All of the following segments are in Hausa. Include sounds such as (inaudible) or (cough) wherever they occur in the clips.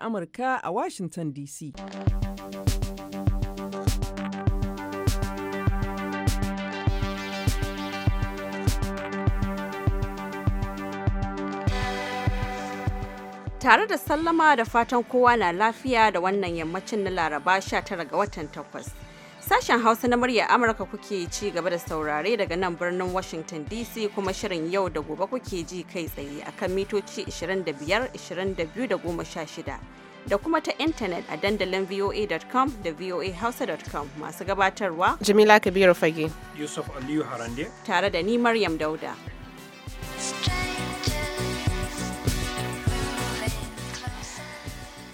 Amurka a Washington DC. Tare da sallama da fatan kowa na lafiya da wannan yammacin na Laraba 19 ga watan takwas. Sashen Hausa na murya Amurka kuke ci gaba da saurare daga nan birnin Washington DC kuma shirin yau da gobe kuke ji kai tsaye akan mitoci 25, 22 da 16 da kuma ta intanet a dandalin voa.com da voahausa.com masu gabatarwa. Jamila Kabiru Fage. Yusuf Aliyu Harande. Tare da ni Maryam Dauda.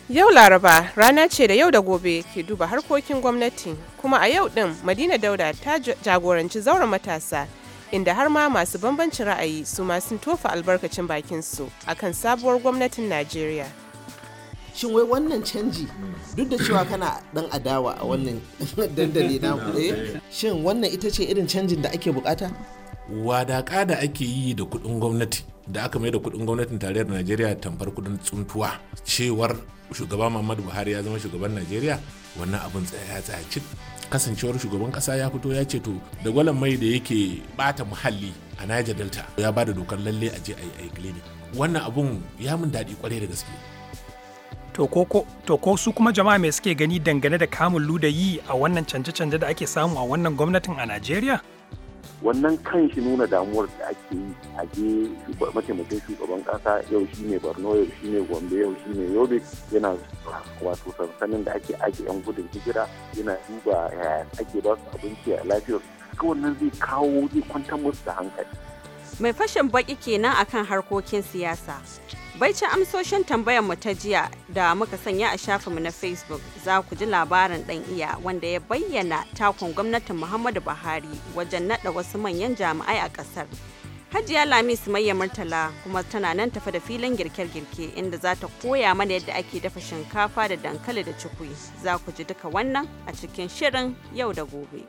Yau Laraba rana ce da yau da gobe ke duba harkokin gwamnati kuma a yau din madina dauda ta jagoranci zauren matasa inda har ma masu bambancin ra'ayi su ma sun tofa albarkacin bakinsu akan sabuwar gwamnatin najeriya shin wai wannan canji duk da cewa kana dan adawa a wannan (laughs) dandali na eh? shin wannan ita ce irin canjin da ake bukata wadaka da ake yi da kuɗin gwamnati da aka mai da kuɗin gwamnatin tarayyar najeriya tamfar kuɗin tsuntuwa cewar shugaba muhammadu buhari ya zama shugaban najeriya wannan abin tsaya tsaya cik kasancewar shugaban kasa ya fito ya ce to da gwalan mai da yake bata muhalli a Niger Delta ya ba da dokar lalle a je a ai clinic wannan abun ya mun daɗi kwarai da gaske to ko su kuma jama'a mai suke gani dangane da kamun ludayi a wannan canje-canje da ake samu a wannan gwamnatin a Najeriya? wannan kan shi nuna damuwar da ake yi a je mataimakin shugaban kasa yau shi ne barno, yau shi ne gombe yau shi ne yobe yana wato sansanin da ake ake yan gudun hijira yana duba ake ba su abinci a lafiyar wannan zai kawo zai kwantar musu da hankali Mai fashin baki kenan akan harkokin siyasa. Baicin amsoshin tambayar mu ta jiya da muka sanya a mu na Facebook za ku ji labarin ɗan iya wanda ya bayyana takon gwamnatin Muhammadu Buhari wajen naɗa wasu manyan jami'ai a ƙasar. Hajiya Lami Sumayya Murtala kuma tana nan tafa da filin girke-girke inda za ta koya mana yadda ake dafa shinkafa da dankali da cikui. Za ku ji duka wannan a cikin shirin yau da gobe.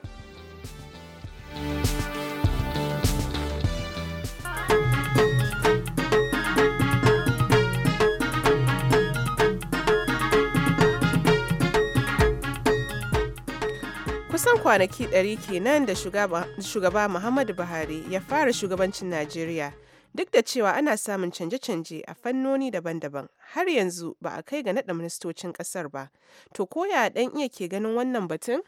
kusan kwanaki 100 kenan da shugaba Muhammadu Buhari ya fara shugabancin Najeriya. Duk da cewa ana samun canje-canje a fannoni daban-daban, har yanzu ba a kai ga naɗa ministocin ƙasar ba. To koya ɗan iya ke ganin wannan batun?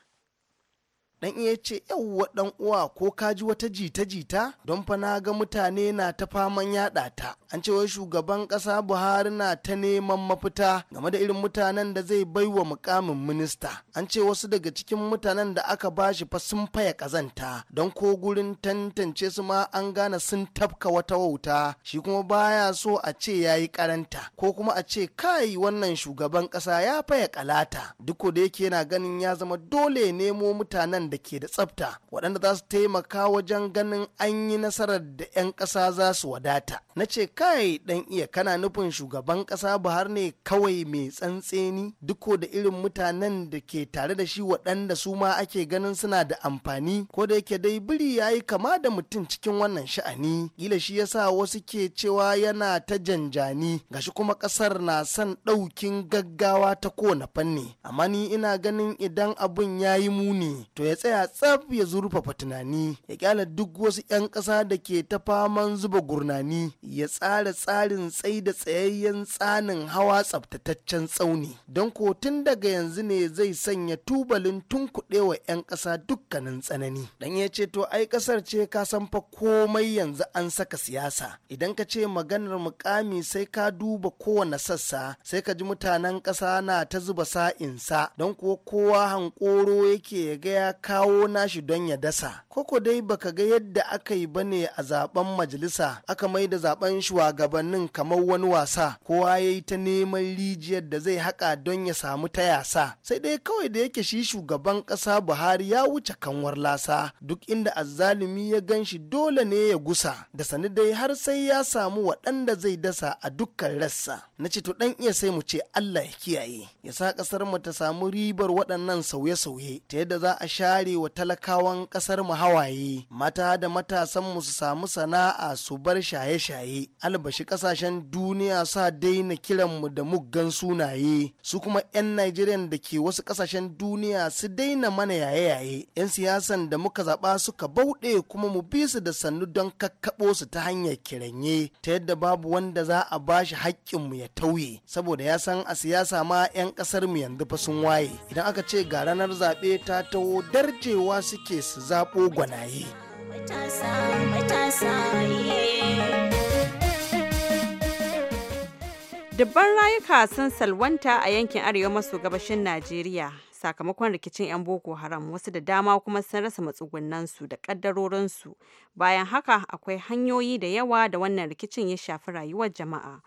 dan iya ce yawwa dan uwa ko ka ji wata jita jita don fa na ga mutane na ta faman yada ta an ce wai shugaban ƙasa Buhari na ta neman mafita game da irin mutanen da zai baiwa mukamin minista an ce wasu daga cikin mutanen da aka bashi fa sun faya kazanta don ko gurin tantance su ma an gane sun tafka wata wauta shi kuma baya so a ce yayi karanta ko kuma a ce kai wannan shugaban ƙasa ya faya kalata duk da yake yana ganin ya zama dole nemo mutanen waɗanda ke da tsafta waɗanda za su taimaka wajen ganin an yi nasarar da 'yan ƙasa za su wadata na ce kai ɗan iya kana nufin shugaban ƙasa buhari ne kawai mai tsantseni duko da irin mutanen da ke tare da shi waɗanda su ma ake ganin suna da amfani ko da yake dai biri ya yi kama da mutum cikin wannan sha'ani gila shi sa wasu ke cewa yana ta janjani gashi kuma ƙasar na son ɗaukin gaggawa ta kowane fanni amma ni ina ganin idan abun ya yi muni to ya tsaya tsaf ya zurfafa tunani ya kyala duk wasu 'yan ƙasa da ke ta faman zuba gurnani ya tsara tsarin tsai da tsayayyen tsanin hawa tsabtataccen tsauni don ko tun daga yanzu ne zai sanya tubalin tun wa 'yan ƙasa dukkanin tsanani dan ya ce to ai ƙasar ce ka san fa komai yanzu an saka siyasa idan ka ce maganar mukami sai ka duba kowane sassa sai ka ji mutanen ƙasa na ta zuba sa'insa don kuwa kowa hankoro yake ya gaya ya kawo nashi don ya dasa koko dai baka ga yadda aka yi bane a zaben majalisa aka mai da zaben shugabannin kamar wani wasa kowa ya yi ta neman rijiyar da zai haka don ya samu ta yasa sai dai kawai da yake shi shugaban ƙasa buhari ya wuce kanwar lasa duk inda azzalumi ya gan shi dole ne ya gusa da sani dai har sai ya samu waɗanda zai dasa a dukkan rassa na ce to dan iya sai mu ce allah ya kiyaye ya sa ƙasar mu ta samu ribar waɗannan sauye-sauye ta yadda za a sha kare wa talakawan kasar mu hawaye mata da matasan mu su samu sana'a su bar shaye-shaye albashi kasashen duniya sa daina kiran mu da muggan sunaye su kuma 'yan Najeriya da ke wasu kasashen duniya su daina mana yaye-yaye 'yan siyasan da muka zaba suka bauɗe kuma mu bi su da sannu don kakkaɓo su ta hanyar kiranye ta yadda babu wanda za a bashi mu ya tauye saboda ya san a siyasa ma 'yan ƙasar mu yanzu fa sun waye idan aka ce ga ranar zaɓe ta taho darjewa suke su zaɓo gwanaye dubban rayuka sun salwanta a yankin arewa maso gabashin najeriya sakamakon rikicin 'yan boko haram wasu da dama kuma sun rasa matsugunansu da su bayan haka akwai hanyoyi da yawa da wannan rikicin ya shafi rayuwar jama'a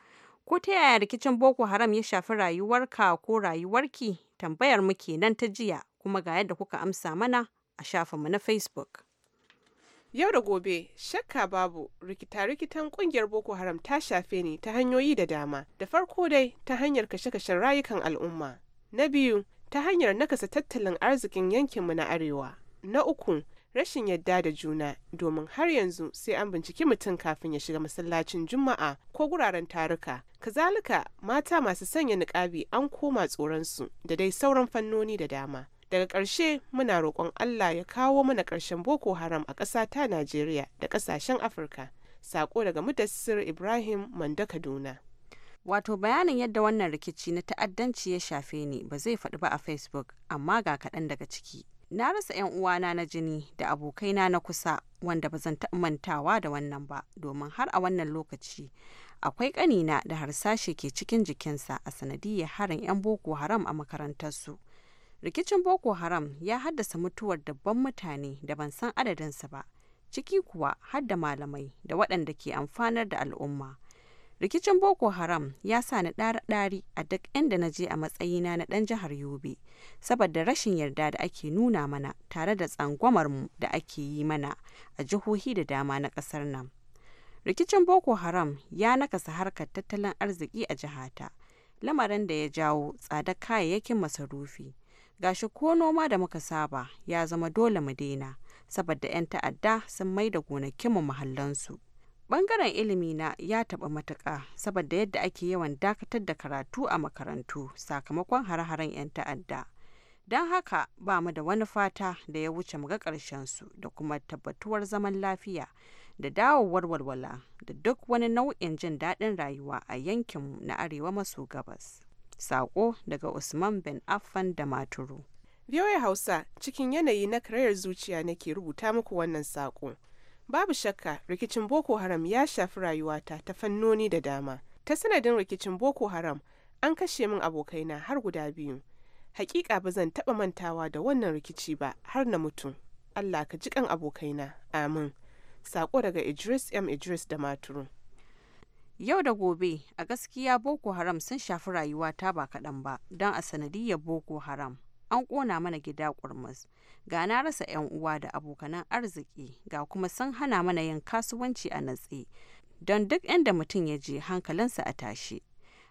ko ta yaya rikicin boko haram ya shafi rayuwarka ko rayuwarki tambayar mu nan ta jiya kuma ga yadda kuka amsa mana a shafinmu na Facebook. Yau da gobe, shakka babu rikita-rikitan kungiyar Boko Haram ta shafe ni ta hanyoyi da dama. Da farko dai ta hanyar kashe-kashen rayukan al'umma. Na biyu, ta hanyar nakasa tattalin arzikin yankinmu na Arewa. Na uku, rashin yadda da juna domin har yanzu sai an binciki mutum kafin ya shiga masallacin juma'a ko guraren taruka kazalika mata masu sanya niƙabi an koma tsoron su da dai sauran fannoni da dama daga ƙarshe muna roƙon Allah ya kawo mana ƙarshen Boko Haram a ƙasa ta Najeriya da ƙasashen Afirka. Sako daga Mudassir Ibrahim Manda Kaduna. Wato bayanin yadda wannan rikici na ta'addanci ya shafe ni ba zai faɗi ba a Facebook amma ga kaɗan daga ciki. Na rasa 'yan uwana na jini da abokaina na kusa wanda ba zan taɓa mantawa da wannan ba domin har a wannan lokaci akwai ƙanina da harsashe ke cikin jikinsa a sanadiyar harin 'yan Boko Haram a makarantarsu. rikicin boko haram ya haddasa mutuwar dabban mutane da ban san adadinsa ba ciki kuwa har da malamai da waɗanda ke amfanar da al'umma rikicin boko haram ya sa ni ɗari a duk inda na je a matsayina na ɗan jihar yobe saboda rashin yarda da ake nuna mana tare da tsangwamar mu da ake yi mana a jihohi da dama na ƙasar nan rikicin boko haram ya nakasa harkar tattalin arziki a jihata lamarin da ya jawo tsada kayayyakin masarufi gashi ko noma da muka saba ya zama dole mu daina saboda 'yan ta'adda sun mai da gonakinmu mahallansu bangaren ilimi na ya taba matuƙa saboda yadda ake yawan dakatar da karatu a makarantu sakamakon hare-haren 'yan ta'adda don haka ba mu da wani fata da ya wuce mu ga su da kuma tabbatuwar zaman lafiya da dawowar walwala da duk wani nau'in jin daɗin rayuwa a yankinmu na arewa maso gabas Sako daga Usman bin Affan da Maturu. VOA Hausa cikin yanayi na karayar zuciya nake rubuta muku wannan sako. Babu shakka rikicin Boko Haram ya shafi rayuwata ta fannoni da dama. Ta sanadin rikicin Boko Haram an kashe min abokaina har guda biyu. Hakika ba zan taɓa mantawa da wannan rikici ba har na mutu. Allah ka ji kan abokaina. Amin. Sako daga Idris M. Idris da Maturu. Yau da gobe, a gaskiya Boko Haram sun shafi rayuwata ba kaɗan ba, don a sanadiyyar Boko Haram, an ƙona mana gida ƙurmus, ga na rasa 'yan uwa da abokanan arziki, ga kuma sun hana mana yin kasuwanci a natse, don duk inda mutum ya je hankalinsa a tashi.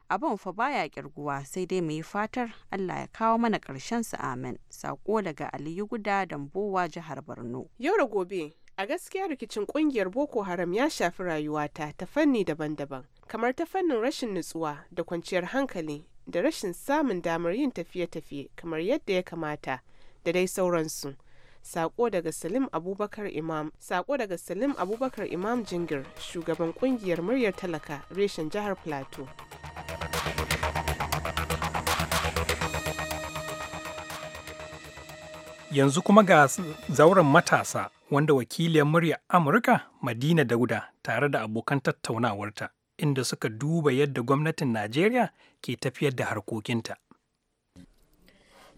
Abin fa baya kirguwa sai dai mu fatar Allah ya kawo mana ƙarshen su amin. Sako daga Aliyu Guda Dambowa jihar Borno. Yau da gobe A gaskiya rikicin kungiyar Boko Haram ya shafi rayuwata ta fanni daban-daban, kamar ta fannin rashin nutsuwa da kwanciyar hankali da rashin samun damar yin tafiye-tafiye kamar yadda ya kamata da dai sauransu. Sako daga Salim Abubakar Imam Sako daga Salim Abubakar Imam Jingir, shugaban kungiyar muryar talaka reshen jihar Plateau. Yanzu kuma ga zauren matasa wanda wakiliyar murya Amurka Madina Dauda tare da abokan tattaunawarta inda suka duba yadda gwamnatin Najeriya ke tafiyar da harkokinta.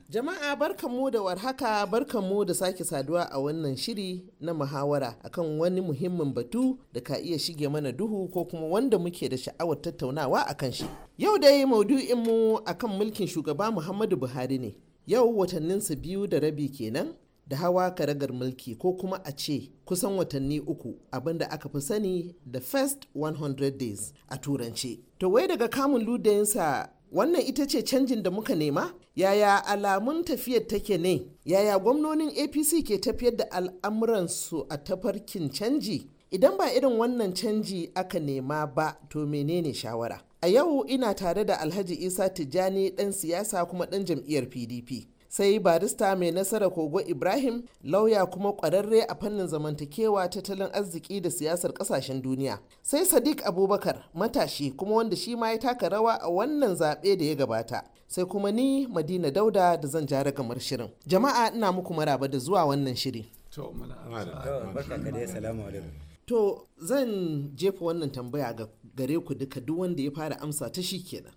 Jama'a barkanmu da warhaka barkanmu da sake saduwa a wannan shiri na muhawara akan wani muhimmin batu da ka iya shige mana duhu ko kuma wanda muke da sha'awar tattaunawa a kan shi. Yau dai maudu'inmu akan mulkin shugaba Muhammadu Buhari ne. Yau watanninsa biyu da rabi kenan da hawa karagar mulki ko kuma a ce kusan watanni uku abinda aka fi sani the first 100 days a turance. To wai daga kamun ludayinsa wannan ita ce canjin da muka nema? Yaya alamun tafiyar take ne? Yaya gwamnonin APC ke tafiyar da al'amuransu a tafarkin canji? Idan ba irin wannan canji aka nema ba to menene shawara? A yau ina tare da Alhaji Isa Tijjani ɗan siyasa kuma ɗan jam'iyyar PDP. sai barista mai nasara kogo ibrahim lauya kuma kwararre a fannin zamantakewa tattalin arziki da siyasar kasashen duniya sai sadiq abubakar matashi kuma wanda shi ma ya taka rawa a wannan zaɓe da ya gabata sai kuma ni madina dauda da zan ja ragamar shirin jama'a ina muku maraba da zuwa wannan shiri to zan jefa wannan tambaya ga gare ku duka duk wanda ya fara amsa ta shi kenan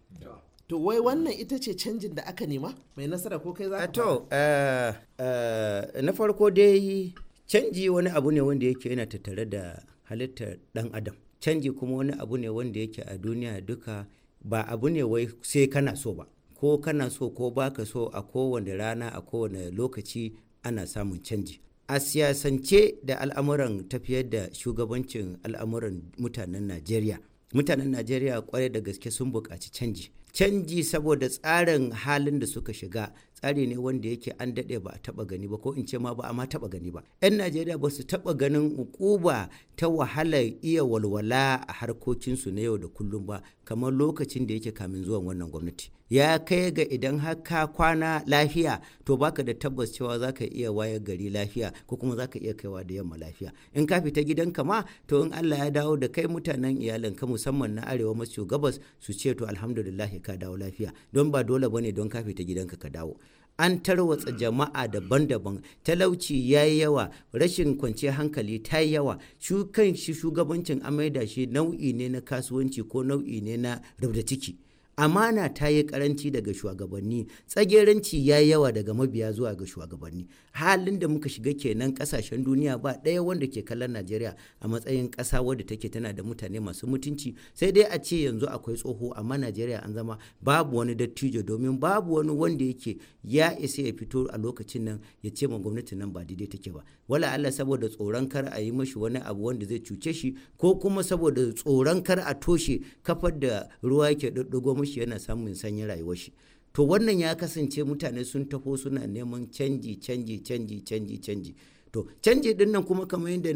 to wai wannan ita ce canjin da aka nema mai nasara ko kai za ka eh, to eh, eh, na farko dai canji wani abu ne wanda yake yana tattare da halittar dan adam canji kuma wani abu ne wanda yake a duniya duka ba abu ne wai sai kana so ba ko kana so ko baka so a kowane rana a kowane lokaci ana samun canji a siyasance da al'amuran tafiyar da shugabancin al'amuran mutanen najeriya mutanen najeriya kwarai da gaske sun buƙaci canji canji saboda tsarin halin da suka shiga tsari ne wanda yake an daɗe ba a taba gani ba ko in ce ma ba a ma taba gani ba 'yan najeriya ba su taɓa ganin ukuba ta wahalar iya walwala a harkokinsu na yau da kullum ba kamar lokacin da yake kamin zuwan wannan gwamnati ya kai ga idan haka kwana lafiya to baka da tabbas cewa za ka iya wayar gari lafiya ko kuma za ka iya kaiwa da yamma lafiya in ka fita ka ma to in Allah ya dawo da kai mutanen iyalin ka musamman na arewa maso gabas su ce to alhamdulillah ka dawo lafiya don ba dole bane don ka fita gidanka ka dawo an tarwatsa jama'a daban-daban talauci ya yi yawa rashin kwanci hankali ta yi yawa shi kan shi shugabancin amaida shi nau'i ne na kasuwanci ko nau'i ne na rubda ciki amana ta yi karanci daga shugabanni tsageranci ya yawa daga mabiya zuwa ga shugabanni halin da muka shiga kenan kasashen duniya ba ɗaya wanda ke kallon najeriya a matsayin ƙasa wadda take tana da mutane masu mutunci sai dai a ce yanzu akwai tsoho amma najeriya an zama babu wani dattijo domin babu wani wanda yake ya isa ya fito a lokacin nan ya ce ma gwamnati nan ba daidai take ba wala allah saboda tsoron kar a yi mashi wani abu wanda zai cuce shi ko kuma saboda tsoron kar a toshe kafar da ruwa yake ɗaɗɗago mashi yana samun sanyin rayuwar shi to wannan ya kasance mutane sun taho suna neman canji canji canji canji canji to canji din nan kuma kamar yadda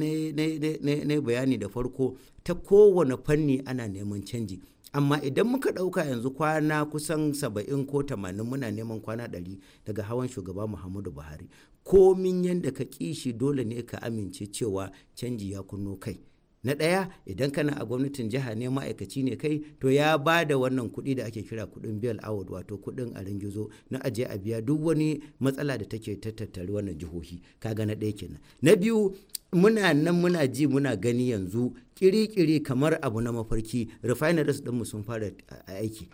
na bayani da farko ta kowane fanni ana neman canji amma idan muka ɗauka yanzu kwana kusan saba'in ko tamanin muna neman kwana ɗari daga hawan shugaba muhammadu buhari komin yadda ka kishi dole ne ka amince cewa canji ya kunno kai na ɗaya idan kana a gwamnatin jiha ne ma'aikaci ne kai to ya ba da wannan kuɗi da ake kira kuɗin biyar award wato kuɗin a ringizo na aje a biya duk wani matsala da take tattattare wannan jihohi kaga na ɗaya kenan na biyu muna nan muna ji muna gani yanzu kiri-kiri kamar abu na mafarki refineries ɗinmu sun fara aiki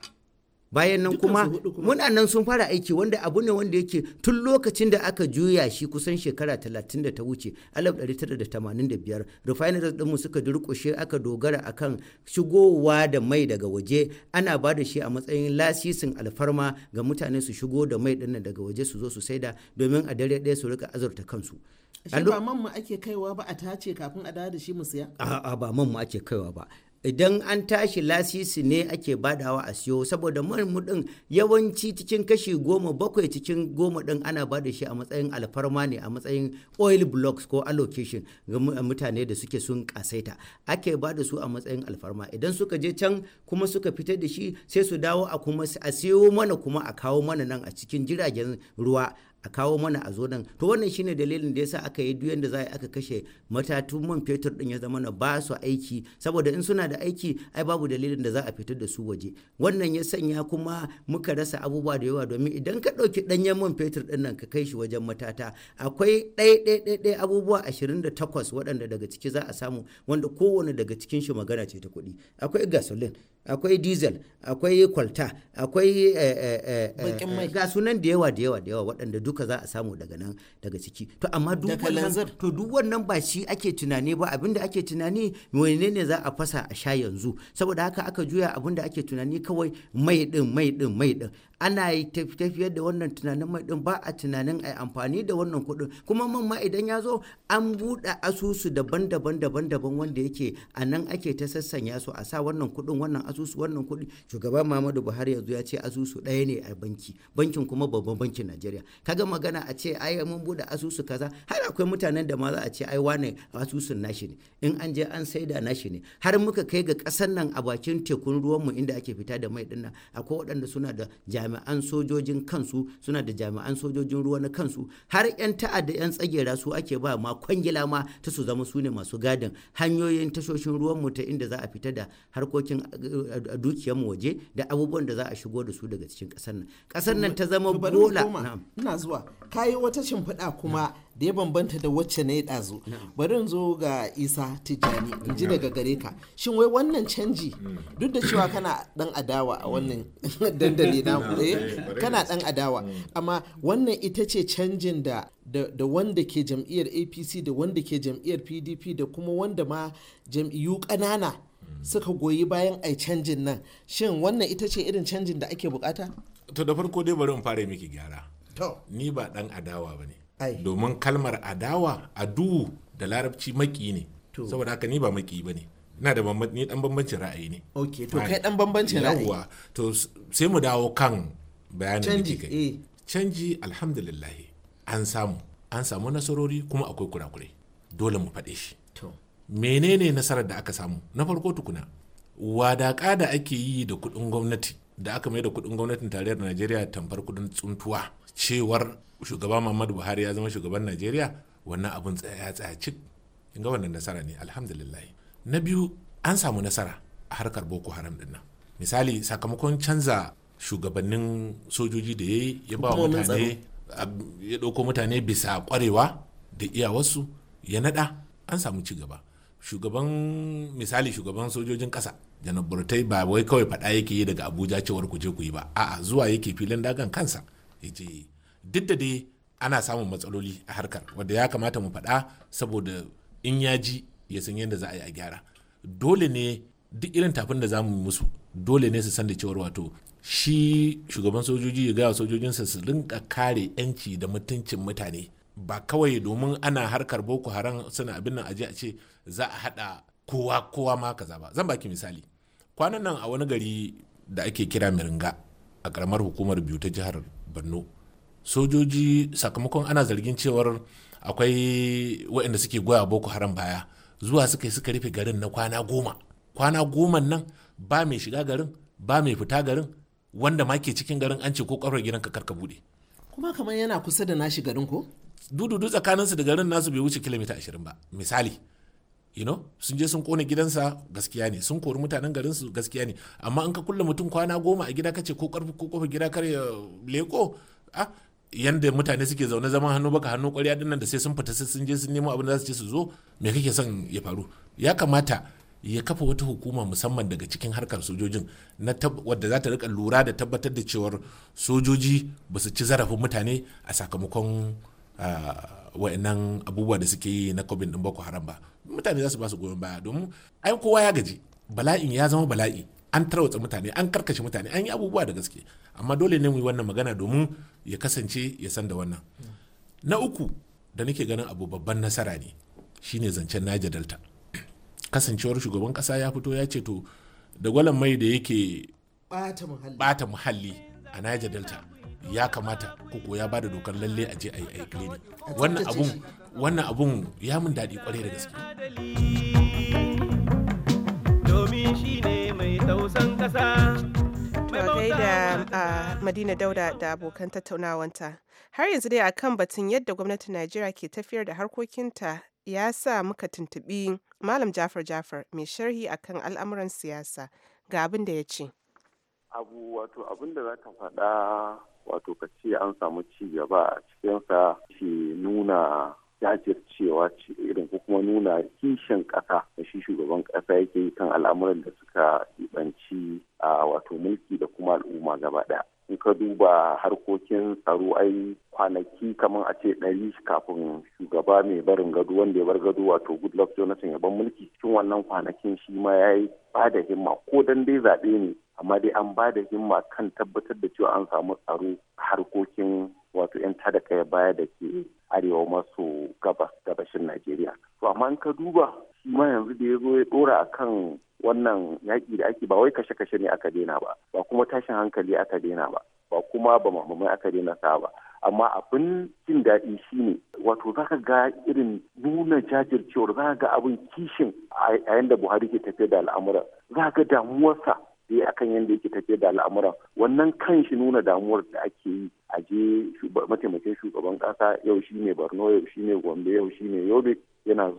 bayan nan kuma muna nan sun fara aiki wanda abu ne wanda yake tun lokacin da aka juya shi kusan shekara 30 da ta wuce 1985 refineries dinmu suka durkushe aka dogara akan shigowa da mai daga waje ana ba da shi a matsayin lasisin alfarma ga mutane su shigo da mai dinnan daga waje su zo su saida domin a dare ɗaya su rika azurta kansu shi ba man mu ake kaiwa ba a tace kafin a dawo da shi mu siya a'a ba man mu ake kaiwa ba idan an tashi lasisi ne ake badawa a siyo saboda man din yawanci cikin kashi goma bakwai cikin goma din ana bada shi a matsayin alfarma ne a matsayin oil blocks ko allocation ga mutane da suke sun kasaita ake bada su a matsayin alfarma idan suka je can kuma suka fitar da shi sai su dawo a kuma a siyo mana kuma a kawo mana nan a cikin jiragen ruwa a kawo mana a zo nan to wannan shine dalilin da yasa aka yi duyan da za aka kashe matatun man fetur din ya zama na ba su aiki saboda in suna da aiki ai babu dalilin da za a fitar da su waje wannan ya sanya kuma muka rasa abubuwa da yawa domin idan ka ɗauki ɗanyen man fetur din nan ka kai shi wajen matata akwai ɗaya abubuwa 28 waɗanda daga ciki za a samu wanda kowane daga cikin shi magana ce ta kuɗi akwai gasolin akwai diesel akwai kwalta akwai eh, eh, eh, ga sunan da yawa da yawa da yawa waɗanda duka za a samu daga nan daga ciki to amma duk to duk wannan ba shi ake tunani ba abinda ake tunani menene za a fasa a sha yanzu saboda haka aka juya abinda ake tunani kawai mai din mai din mai din ana yi tafiyar da wannan tunanin mai din ba a tunanin a amfani da wannan kuɗin kuma man ma idan ya zo an buɗe asusu daban-daban daban-daban wanda yake a nan ake ta sassanya su a sa wannan kuɗin wannan asusu wannan kuɗi shugaban Muhammadu Buhari yanzu ya ce asusu ɗaya ne a banki bankin kuma babban bankin Najeriya kaga magana a ce ai mun buɗe asusu kaza har akwai mutanen da ma za a ce ai wane asusun nashi ne in an je an saida nashi ne har muka kai ga ƙasar nan a bakin tekun ruwanmu inda ake fita da mai dinnan akwai waɗanda suna da jami'a. jami'an sojojin kansu suna da jami'an sojojin ruwa na kansu har 'yan ta'adda 'yan tsagera su ake ba ma kwangila ma ta su zama su ne masu gadin hanyoyin tashoshin ruwanmu ta inda za a fita da harkokin eh, dukiyarmu waje da abubuwan da za a shigo da su daga cikin ƙasar nan ƙasar nan ta zama bola ina zuwa kayi wata shimfiɗa kuma da ya bambanta da wacce na ya ɗazu bari in zo ga isa tijjani in ji daga gare ka shin wai wannan canji mm. duk da cewa kana dan adawa a wannan (laughs) dandali namu Eh, eh, kana dan adawa hmm. amma wannan ita ce canjin da da wanda ke jam'iyyar apc da wanda ke jam'iyyar pdp da kuma wanda ma jam'iyyu ƙanana hmm. suka goyi bayan ai canjin nan shin wannan ita ce irin canjin da ake bukata to da farko dai bari in fara miki gyara ni ba dan adawa bane domin kalmar adawa adu da larabci maki ne saboda haka ni ba maki bane na da ni dan bambancin ra'ayi ne ok to kai dan bambancin ra'ayi yawwa to sai mu dawo kan bayanin canji eh canji alhamdulillah an samu an samu nasarori kuma akwai kurakurai dole mu faɗe shi to menene nasarar da aka samu na farko tukuna wadaƙa da ake yi da kuɗin gwamnati da aka mai da kuɗin gwamnatin tarayyar najeriya tamfar kuɗin tsuntuwa cewar shugaba muhammadu buhari ya zama shugaban najeriya wannan abun tsaya tsaya cik ga wannan nasara ne alhamdulillah na biyu an samu nasara a harkar boko haram din nan misali sakamakon canza shugabannin sojoji da ya yi ya ba mutane ya ɗauko mutane bisa kwarewa da iyawarsu ya naɗa an samu ci gaba shugaban misali shugaban sojojin ƙasa janaburtai burtai ba wai kawai faɗa yake yi daga abuja cewar ku je ku yi ba a'a zuwa yake filin dagan kansa ya je duk da dai ana samun matsaloli a harkar wanda ya kamata mu faɗa saboda in ya ji ya san yadda za a yi a gyara dole ne duk irin tafin da zamu musu dole ne su san da cewar wato shi shugaban sojoji ya gaya sojojinsa su rinka kare 'yanci da mutuncin mutane ba kawai domin ana harkar boko haram suna abin nan aje a ce za a hada kowa kowa ma kaza ba zan baki misali kwanan nan a wani gari da ake kira miringa a karamar hukumar biyu ta jihar borno sojoji sakamakon ana zargin cewar akwai waɗanda suke goya boko haram baya zuwa suka yi suka rufe garin na kwana goma kwana goman nan ba mai shiga garin ba mai fita garin wanda ma ke cikin garin an ce ko kafar gidan ka karka bude kuma kamar yana kusa da nashi garin ko dududu su da garin nasu bai wuce kilomita 20 ba misali you know sun je sun kone gidansa gaskiya ne sun kori mutanen garin su gaskiya ne amma in ka kulle mutum kwana goma a gida kace ko karfi ko kofar gida kar ya leko ah, yanda mutane suke zaune zaman hannu baka hannu kwarya dinnan da sai sun fita sai sun je sun nemo abin da za su ce su zo me kake son ya faru ya kamata ya kafa wata hukuma musamman daga cikin harkar sojojin na wadda za ta rika lura da tabbatar da cewar sojoji ba su ci zarafin mutane a sakamakon wa'annan abubuwa da suke yi na covid din boko haram ba mutane za su ba su goyon baya domin ai kowa ya gaji bala'in ya zama bala'i an tarwatsa mutane an karkashe mutane an yi abubuwa da gaske amma dole ne mu yi wannan magana domin ya kasance ya san da wannan na uku da nake ganin abu babban nasara ne shine zancen naja delta kasancewar shugaban kasa ya fito ya ce to da gwalan mai da yake bata muhalli a naja delta ya kamata koko ya bada dokar lalle a je a yi aiki ne wannan abun wannan abun ya mun daɗi kwarai da gaske domin shine mai tausan kasa gaida da ah, Madina Dauda da abokan tattaunawanta. Har yanzu dai akan batun yadda gwamnatin Najeriya ke tafiyar da harkokinta ya sa muka tuntubi Malam Jafar Jafar mai sharhi akan al'amuran siyasa ga abin da ya ce. Abu wato abin da za ka faɗa wato ka ce an samu ci gaba a cikinsa ke nuna jajircewa ce irin ko kuma nuna kishin ƙasa da shi shugaban ƙasa yake yi kan al'amuran da suka ibanci a wato mulki da kuma al'umma gaba ɗaya. in ka duba harkokin tsaro ai kwanaki kamar a ce ɗari kafin shugaba mai barin gado wanda ya bar gado wato goodluck jonathan ya ban mulki cikin wannan kwanakin shi ma ya yi ba da himma ko dan dai zaɓe ne amma dai an ba da himma kan tabbatar da cewa an samu tsaro harkokin wato 'yan tada kai baya da ke arewa maso gabas gabashin najeriya to amma in ka duba shi yanzu da ya zo ya dora kan wannan yaƙi da ake ba wai kashe-kashe ne aka daina ba ba kuma tashin hankali aka daina ba ba kuma ba mamamai aka daina sa ba amma abin jin daɗi shine wato za ka ga irin nuna jajircewar za ka ga abin kishin a yayin buhari ke tafiya da al'amuran za ka ga damuwarsa yi akan yadda yake tafiyar da al'amuran wannan kan shi nuna damuwar da ake yi a je mataimakin shugaban kasa yau shi ne borno yau shi ne gombe yau shi ne yobe yana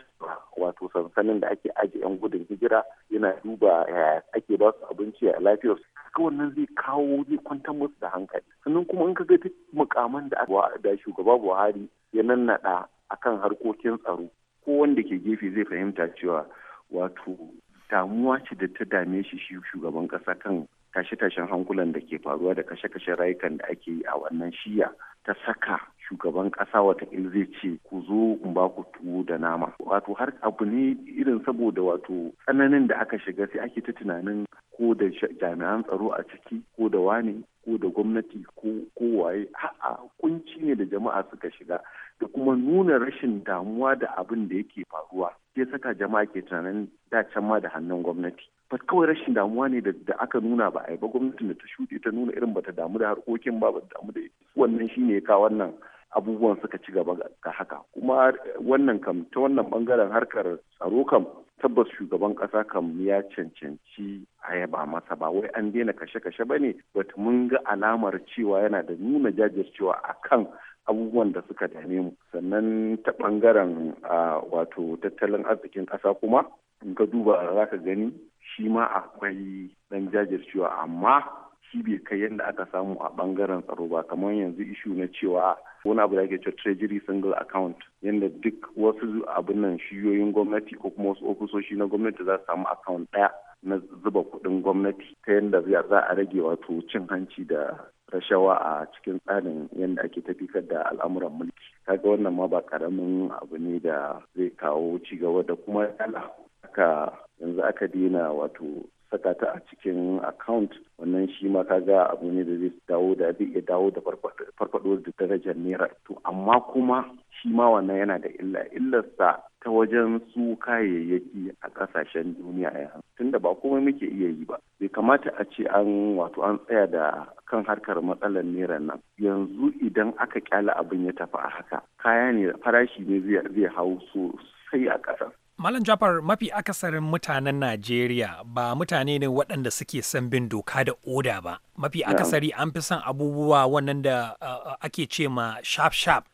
wato sansanin da ake ajiye yan gudun hijira yana duba ake ba su abinci a lafiyar su kaga wannan zai kawo zai kwantar musu da hankali sannan kuma in ka ga duk mukaman da da shugaba buhari ya nannaɗa akan harkokin tsaro ko wanda ke gefe zai fahimta cewa wato damuwa ce da ta dame shi shi shugaban kasa kan tashe-tashen hankulan da ke faruwa da kashe-kashe rayukan da ake yi a wannan shiya ta saka shugaban ƙasa wata zai ce ku zo in ba ku tuwo da nama wato har abu ne irin saboda wato tsananin da aka shiga sai ake ta tunanin ko da jami'an tsaro a ciki ko da wane ko da gwamnati ko waye a'a kunci ne da jama'a suka shiga da kuma nuna rashin damuwa da abin da yake faruwa ya saka jama'a ke tunanin dacen ma da hannun gwamnati ba kawai rashin damuwa ne da aka nuna ba a yi ba gwamnatin da ta shuɗe ta nuna irin bata damu da harkokin ba bata damu da wannan shine ne wannan abubuwan suka ci gaba ga haka kuma wannan kam ta wannan bangaren harkar tsaro kam tabbas shugaban ƙasa kam ya cancanci a yaba masa ba wai an daina kashe-kashe ba ne but mun ga alamar cewa yana da nuna jajircewa a kan abubuwan da suka dame mu sannan ta ɓangaren wato tattalin arzikin ƙasa kuma in ka duba za ka gani shi ma akwai ɗan jajircewa amma shi bai kai yadda aka samu a ɓangaren tsaro ba kamar yanzu ishu na cewa wani abu da ake cewa treasury single account yadda duk wasu abin nan shiyoyin gwamnati ko kuma wasu ofisoshi na gwamnati za su samu account ɗaya na zuba kuɗin gwamnati ta yadda za a rage wato cin hanci da rashawa a cikin tsarin yadda ake tafiyar da al'amuran mulki kaga wannan ma ba karamin abu ne da zai kawo cigaba da kuma aka yanzu aka daina wato saka ta a cikin account wannan shi ma ka ga abu ne da zai dawo da zai iya dawo da farfadowar da darajar naira to amma kuma shi ma wannan yana da illa illarsa ta wajen su kayayyaki a kasashen duniya yanzu tunda ba komai muke iya yi ba bai kamata a ce an wato an tsaya da kan harkar matsalar naira nan yanzu idan aka kyala abin ya tafi a haka kaya ne farashi ne zai hau sosai a ƙasar Malam Jafar mafi akasarin mutanen Najeriya ba mutane ne waɗanda suke son bin doka da oda ba. Mafi akasari an fi son abubuwa wannan da ake ce ma sharp sharp.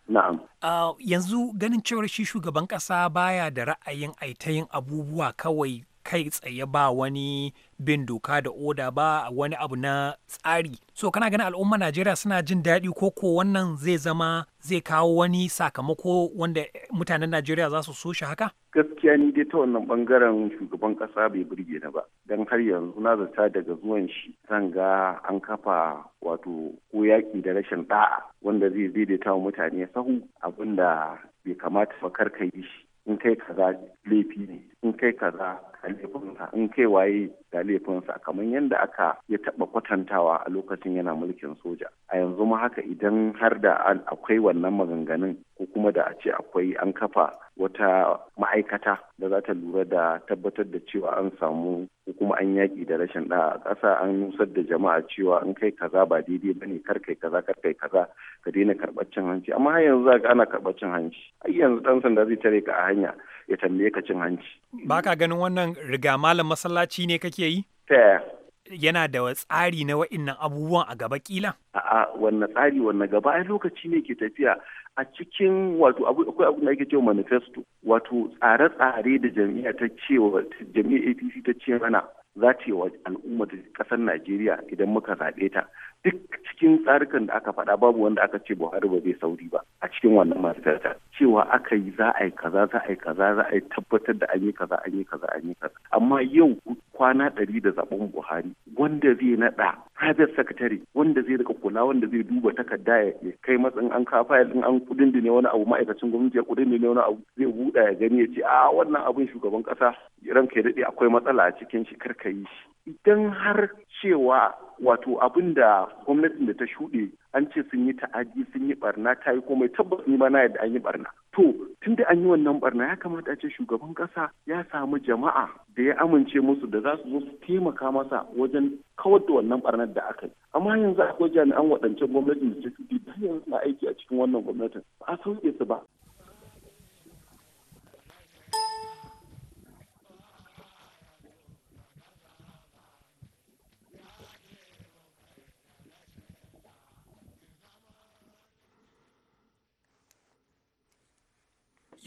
yanzu ganin cewar shi shugaban ƙasa baya da ra'ayin aitayin abubuwa kawai kai tsaye ba wani bin doka da oda ba wani abu na tsari so kana ganin al'umma najeriya suna jin daɗi ko ko wannan zai zama zai kawo wani sakamako wanda mutanen najeriya za su so shi haka gaskiya ni dai ta wannan bangaren shugaban ƙasa bai burge na ba don har yanzu na zata daga zuwan shi zan ga an kafa wato ko yaƙi da rashin ɗa'a, wanda zai daidaita wa mutane sahu abinda bai kamata ba kar ka yi shi in kai kaza laifi ne in kai kaza ka laifinsa in kai waye ga laifinsa kamar yadda aka ya taba kwatantawa a lokacin yana mulkin soja a yanzu ma haka idan har da akwai wannan maganganun ko kuma da a ce akwai an kafa wata ma'aikata da za ta lura da tabbatar da cewa an samu ko kuma an yaƙi da rashin ɗa a ƙasa an nusar da jama'a cewa an kai kaza ba daidai ba ne kar kai kaza kar kai kaza ka daina karɓar cin hanci amma har yanzu za ka ana karɓar cin hanci ai yanzu ɗan sanda zai tare ka a hanya ya tambaye ka cin hanci. ba ka ganin wannan riga malam masallaci ne kake yi. ta yana da tsari na wa'innan abubuwan a gaba kila? A'a, wanne tsari wanne gaba ai lokaci ne ke tafiya a cikin wato akwai abin da ake cewa manifesto wato tsare-tsare da jami'a ta cewa jami'a APC ta ce mana za ta yi wa al'ummar kasar Najeriya idan muka zaɓe ta duk cikin tsarikan da aka faɗa babu wanda aka ce Buhari ba zai sauri ba a cikin wannan masu cewa aka yi za a yi kaza za a yi kaza za a yi tabbatar da an yi kaza an yi kaza an yi kaza amma yau kwana ɗari da zaɓen Buhari wanda zai naɗa private secretary wanda zai rika kula wanda zai duba takarda ya kai matsin an ka fayil in an kudin ne wani abu ma'aikacin gwamnati ya kudin ne wani abu zai buɗa ya gani ya ce a wannan abun shugaban ƙasa ranka ya daɗe akwai matsala a cikin shi karka yi shi idan har cewa wato abin da gwamnatin da ta shuɗe an ce sun yi ta'adi sun yi barna ta yi komai tabbas ni ma na yadda an yi barna to tun da an yi wannan barna ya kamata ce shugaban kasa ya samu jama'a da ya amince musu da za su zo su taimaka masa wajen kawar da wannan barnar da aka yi amma yanzu akwai jami'an waɗancan gwamnatin da ta shuɗe da yanzu na aiki a cikin wannan gwamnatin ba a sauke su ba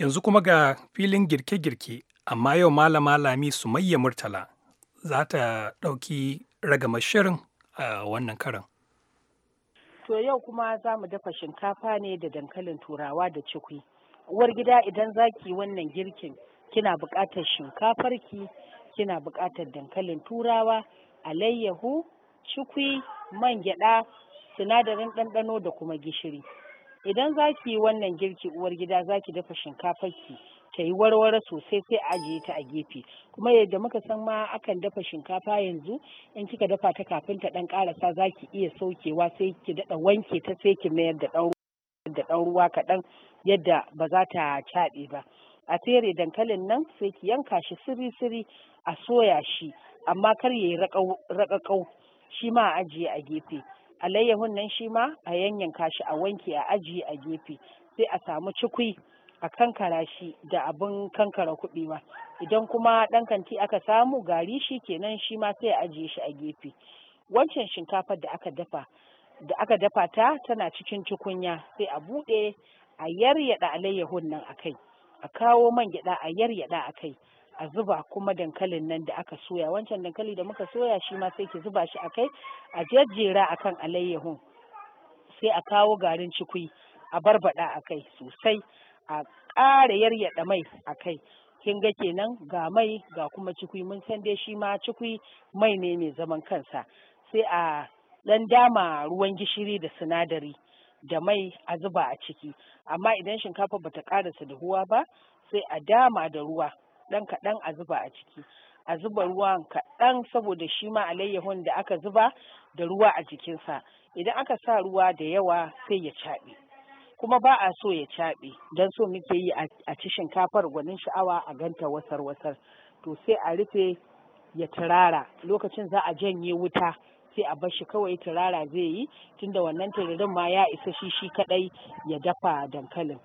Yanzu kuma ga filin girke-girke, amma yau malama Lami Sumayya Murtala za ta ɗauki ragamar shirin a wannan karan. To yau kuma za mu dafa shinkafa ne da dankalin turawa da cikwi. Uwar gida idan za ki wannan girkin kina buƙatar ki, kina buƙatar dankalin turawa, alayyahu, cikwi, man gyaɗa, sinadarin ɗanɗano da kuma gishiri. idan za ki yi wannan girki uwar gida za ki dafa shinkafar ki ta yi warware sosai sai a ajiye ta a gefe kuma yadda muka san ma akan dafa shinkafa yanzu in kika dafa ta kafin ta dan karasa za ki iya saukewa sai ki daɗa wanke ta sai ki mayar da dan ruwa kaɗan yadda ba za ta caɓe ba a tsere dankalin nan sai ki yanka shi siri-siri a soya shi amma kar ya yi raƙaƙau shi ma a ajiye a gefe alayyahun nan shi ma a yanyanka shi a wanke a ajiye a gefe sai a samu cikui a kankara shi da abin kankara kuɓewa idan kuma ɗan kanti aka samu gari shi kenan shi ma sai a ajiye shi a gefe wancan shinkafar da aka dafa da aka dafa ta tana cikin cikunya sai a buɗe a yaryada alayyahun nan akai a kawo man gyaɗa a yaryada a kai a zuba kuma dankalin nan da aka soya wancan dankali da muka soya shi ma sai ki zuba shi a kai a jejjera akan alayyahun sai a kawo garin cikui a barbada a kai sosai a ƙara yaryaɗa mai a kai kin ga kenan ga mai ga kuma cikui mun san dai shi ma cikui mai ne mai zaman kansa sai a ɗan dama ruwan gishiri da sinadari da mai a zuba a ciki amma idan shinkafa bata da dahuwa ba sai a dama da ruwa kaɗan kaɗan a zuba a ciki a zuba ruwan kaɗan saboda shi ma alayyahun da aka zuba da ruwa a jikinsa idan aka sa ruwa da yawa sai ya caɓe kuma ba a so ya caɓe don so muke yi a ci shinkafar gwanin sha'awa a ganta wasar wasar to sai a rufe ya turara lokacin za a janye wuta sai a bar shi kawai turara zai yi tunda wannan tiririn ma ya isa shi shi kadai ya dafa dankalin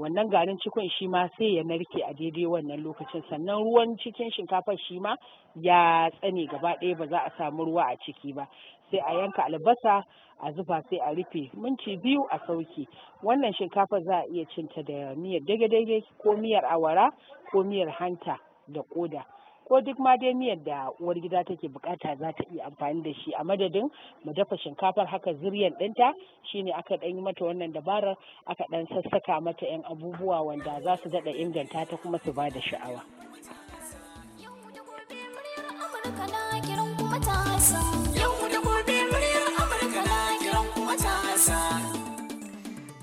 wannan garin cikin shi ma sai ya narke a daidai wannan lokacin sannan ruwan cikin shinkafar shi ma ya tsane gaba ɗaya ba za a samu ruwa a ciki ba sai a yanka albasa a zuba sai a rufe minti biyu a sauki wannan shinkafar za a iya cinta da miyar dage-dage ko miyar awara ko miyar hanta da koda. ko duk ma dai miyar da uwar gida take bukata za ta iya amfani da shi a madadin mu dafa shinkafar haka zuriyan ɗinta shine aka ɗan yi mata wannan dabarar aka ɗan sassaka mata 'yan abubuwa wanda za su daɗa inganta ta kuma su ba da sha'awa.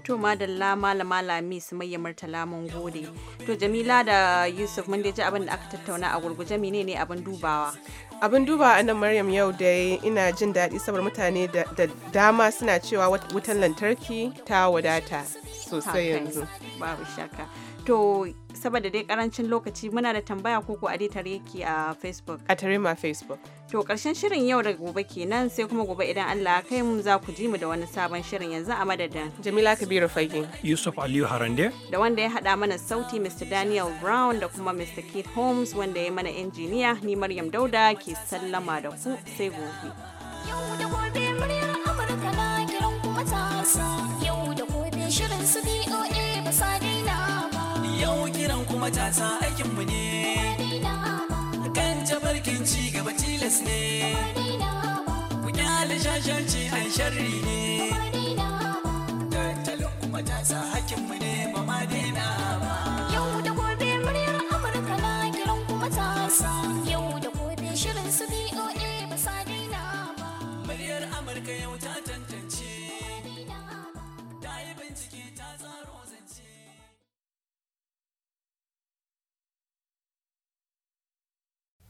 to madalla malama lami su mayya murtala mun gode to jamila da yusuf mun ji abin da aka tattauna a gurguje ne abin dubawa abin dubawa, a nan maryam yau dai ina jin daɗi saboda mutane da dama suna cewa wutan lantarki ta wadata sosai yanzu babu shaka To saboda dai karancin lokaci muna da tambaya koko a dai tare yake a Facebook. A tare ma Facebook. To karshen shirin yau da gobe kenan sai kuma gobe idan Allah kai mu za ku ji mu da wani sabon shirin yanzu a madadin. Jamila Kabiru Fage. Yusuf Aliyu Harande. Da wanda ya haɗa mana sauti Mr. Daniel Brown da kuma Mr. Keith Holmes wanda ya mana injiniya ni Maryam Dauda ke sallama da ku sai gobe. Yau da gobe muryar Amurka kiran kuma ta matasa aikin mu ne kan jabarkin ci gaba tilas ne ku kyale shashanci an sharri ne